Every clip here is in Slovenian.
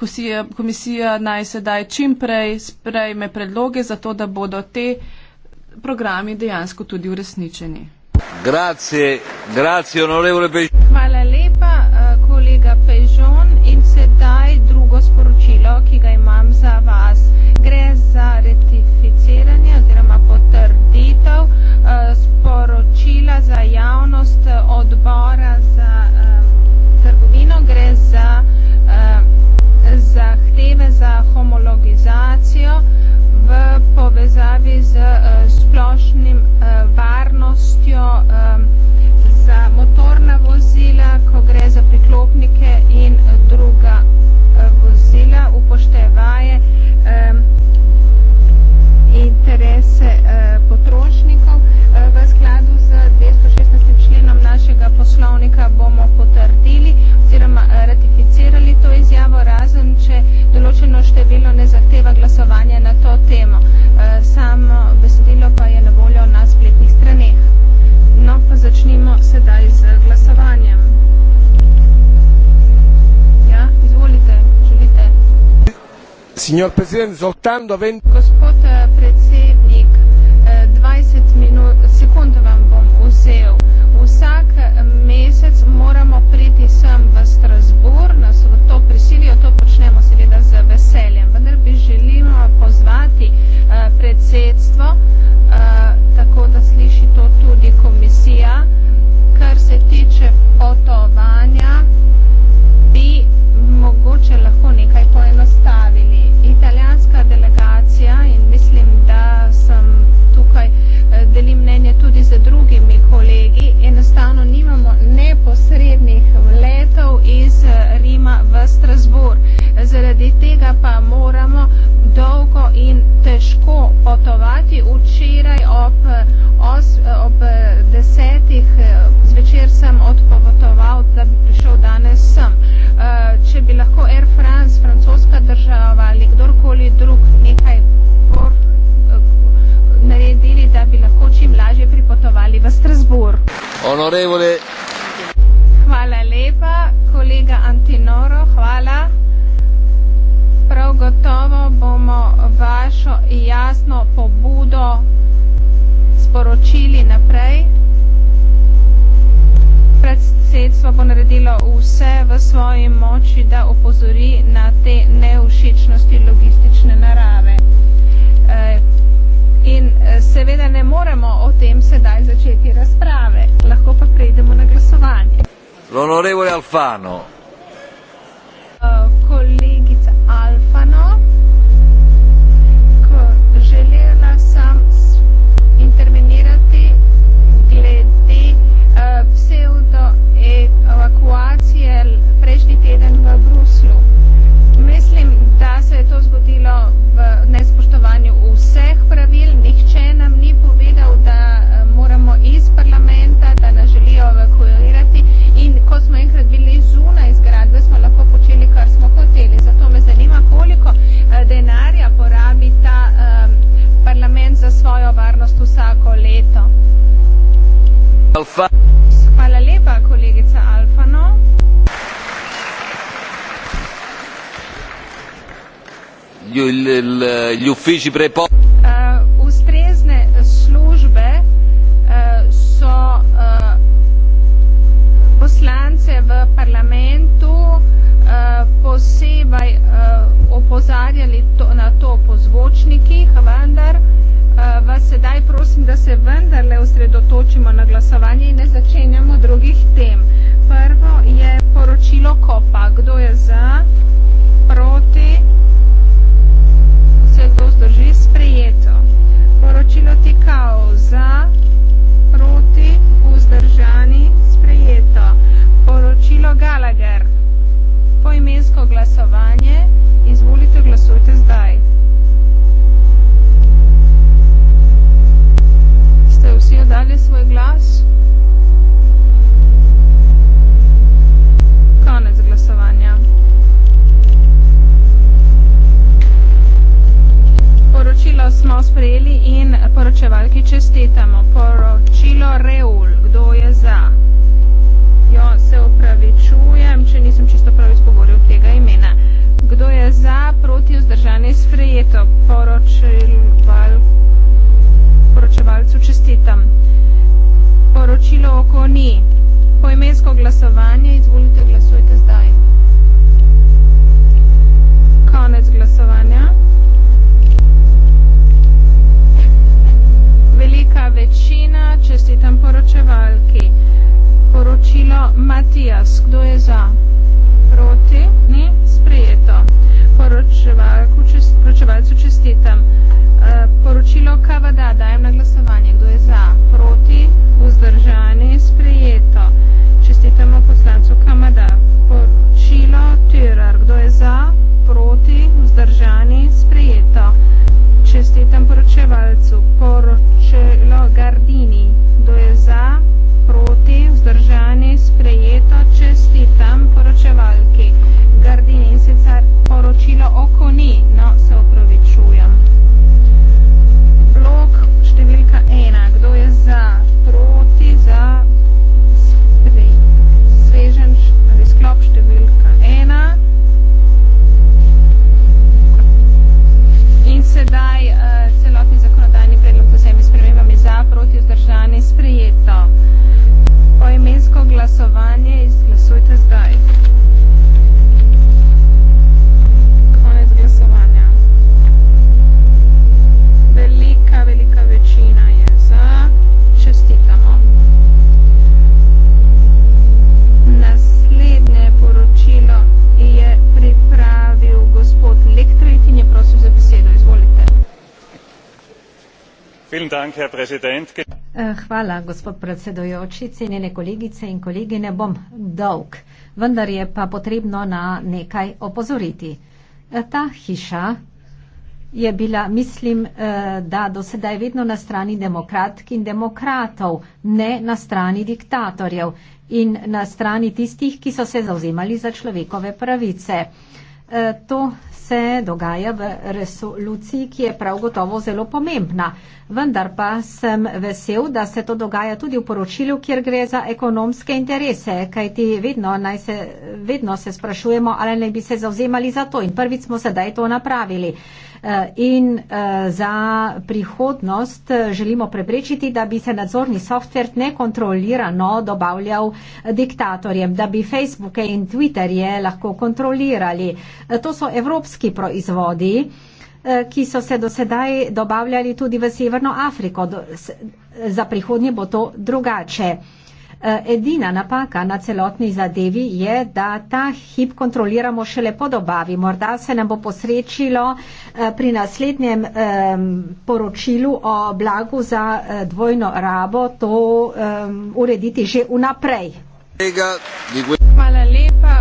komisija, komisija naj sedaj čim prej sprejme predloge za to, da bodo te programi dejansko tudi uresničeni. Grazie, grazie onorevole Pejžon. Hvala lepa, eh, kolega Pejžon. In sedaj drugo sporočilo, ki ga imam za vas. Gre za ratificiranje oziroma potrditev eh, sporočila za javnost odbora signor Presidente, soltanto 20... Onorevole. Hvala lepa, kolega Antinoro, hvala. Prav gotovo bomo vašo jasno pobudo sporočili naprej. Predsedstvo bo naredilo vse v svoji moči, da opozori na te neušičnosti logistične narave. In eh, seveda ne moremo o tem sedaj začeti razprave, lahko pa prejdemo na glasovanje. L'onorevole Alfano. degli eh, uffici preposti sprejeli in poročevalki čestitamo. Poročilo Reul, kdo je za? Jo, se upravičujem, če nisem čisto prav izpogovoril tega imena. Kdo je za, proti, vzdržani, sprejeto? Poročival, poročevalcu čestitam. Poročilo oko ni. Poimensko glasovanje, izvolite, glasujte zdaj. Konec glasovanja. velika večina. Čestitam poročevalki. Poročilo Matijas. Kdo je za? Proti? Eh, hvala, gospod predsedojoči, cenjene kolegice in kolegi, ne bom dolg, vendar je pa potrebno na nekaj opozoriti. Eh, ta hiša je bila, mislim, eh, da do sedaj vedno na strani demokratk in demokratov, ne na strani diktatorjev in na strani tistih, ki so se zauzemali za človekove pravice. Eh, to se dogaja v resoluciji, ki je prav gotovo zelo pomembna. Vendar pa sem vesel, da se to dogaja tudi v poročilu, kjer gre za ekonomske interese, kajti vedno, se, vedno se sprašujemo, ali ne bi se zauzemali za to. In prvič smo sedaj to napravili. Uh, Eh, in eh, za prihodnost eh, želimo preprečiti, da bi se nadzorni softver nekontrolirano dobavljal diktatorjem, da bi Facebooke in Twitterje lahko kontrolirali. To so evropski proizvodi ki so se dosedaj dobavljali tudi v Severno Afriko. Za prihodnje bo to drugače. Eh, edina napaka na celotni zadevi je, da ta hip kontroliramo šele po dobavi. Morda se nam bo posrečilo eh, pri naslednjem poročilu o blagu za eh, dvojno rabo to urediti že vnaprej. Hvala lepa.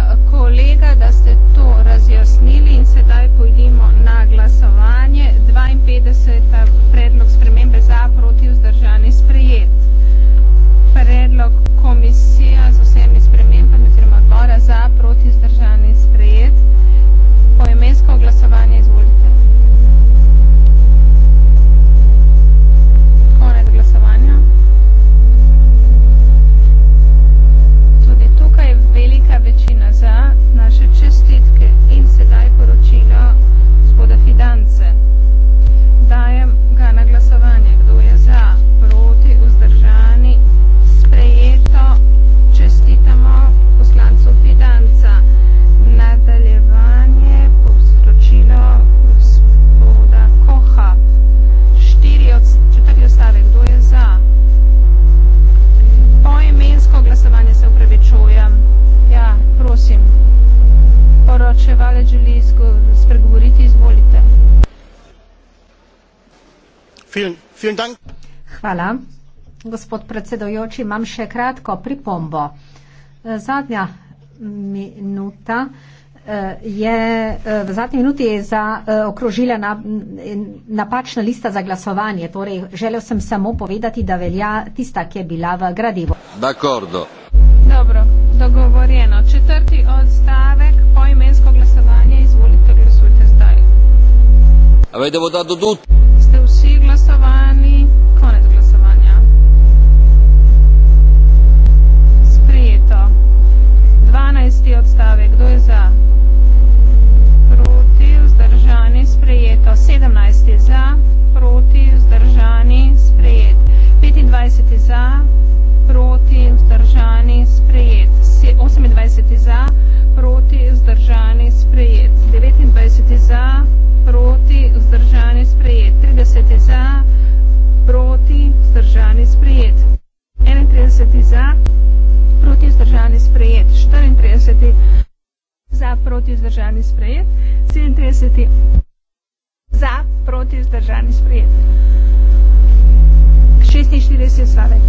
Hvala. Gospod predsedojoči, imam še kratko pripombo. Zadnja minuta eh, je, eh, v zadnji minuti je za, eh, okrožila na, napačna lista za glasovanje. Torej, želel sem samo povedati, da velja tista, ki je bila v gradivu. D'accordo. Dobro, dogovorjeno. Četrti odstavek, poimensko glasovanje, izvolite, glasujte zdaj. Avete votato tutti? proti vzdržani sprejet, 37 za proti vzdržani sprejet. 46 stavek.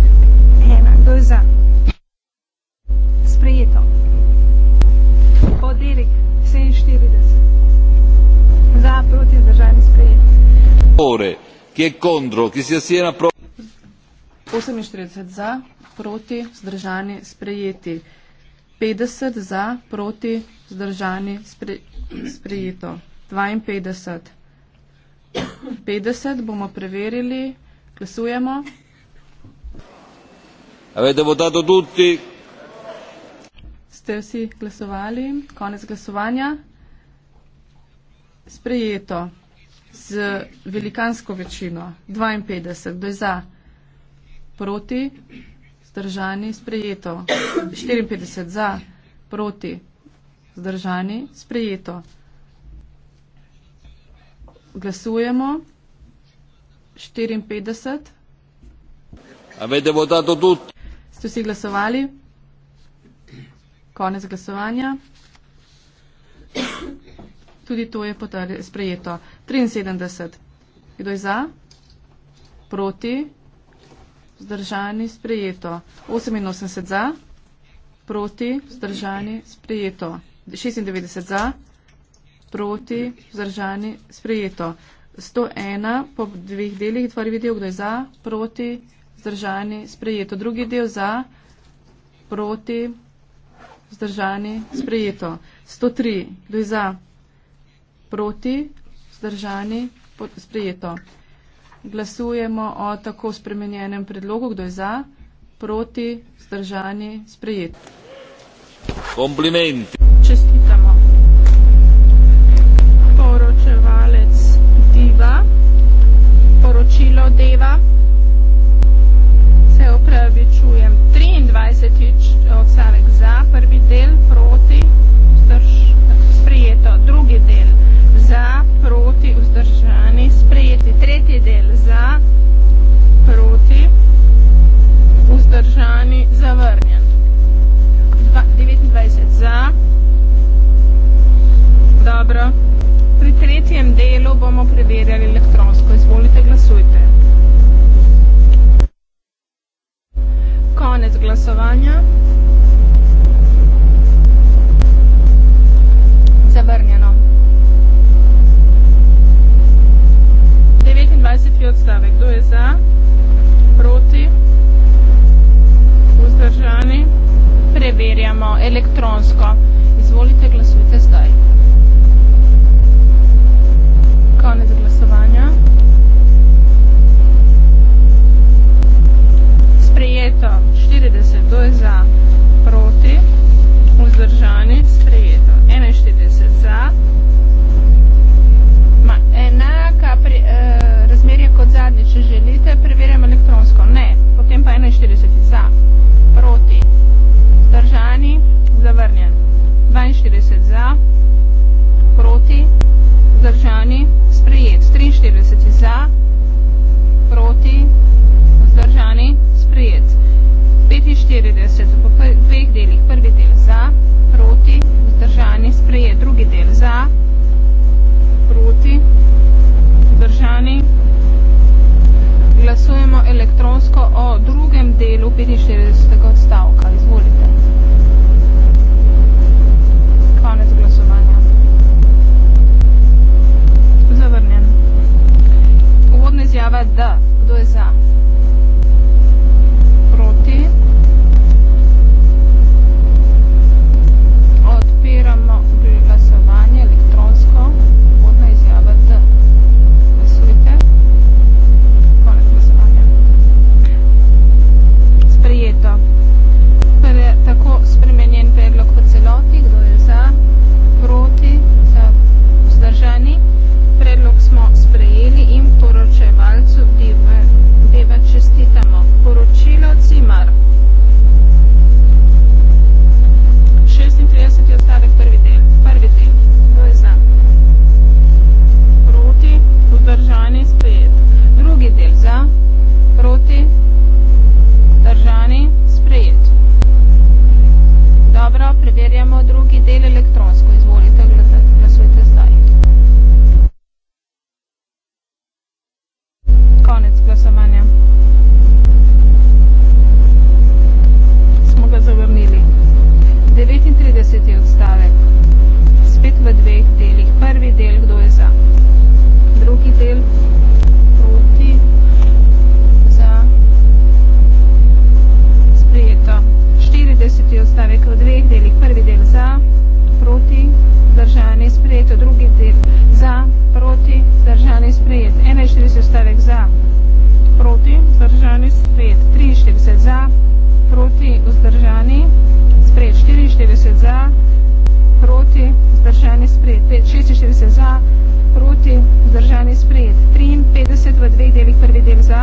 Ena, kdo je za? Sprejeto. Poderik, 47. Za proti vzdržani sprejet. Ore, ki je kontro, ki si asije na proti. 48 za, proti, zdržani, sprejeti. 50 za, proti, Zdržani spre, sprejeto. 52. 50 bomo preverili. Glasujemo. Avete votato tutti? Ste vsi glasovali? Konec glasovanja. Sprejeto z velikansko večino. 52. Kdo je za? Proti? Zdržani? Sprejeto. 54 za? Proti? Zdržani? Sprejeto. Glasujemo. 54. Ste vsi glasovali? Konec glasovanja. Tudi to je potrebno sprejeto. 73. Kdo je za? Proti? Zdržani? Sprejeto. 88 za? Proti? Zdržani? Sprejeto. 96 za, proti, vzdržani, sprejeto. 101 po dveh delih, tvori video, kdo je za, proti, vzdržani, sprejeto. Drugi del za, proti, vzdržani, sprejeto. 103, kdo je za, proti, vzdržani, sprejeto. Glasujemo o tako spremenjenem predlogu, kdo je za, proti, vzdržani, sprejeto. Komplimenti.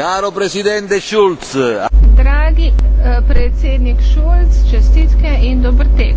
Caro presidente Schulz. Dragi eh, predsednik Schulz, čestitke in dober tek.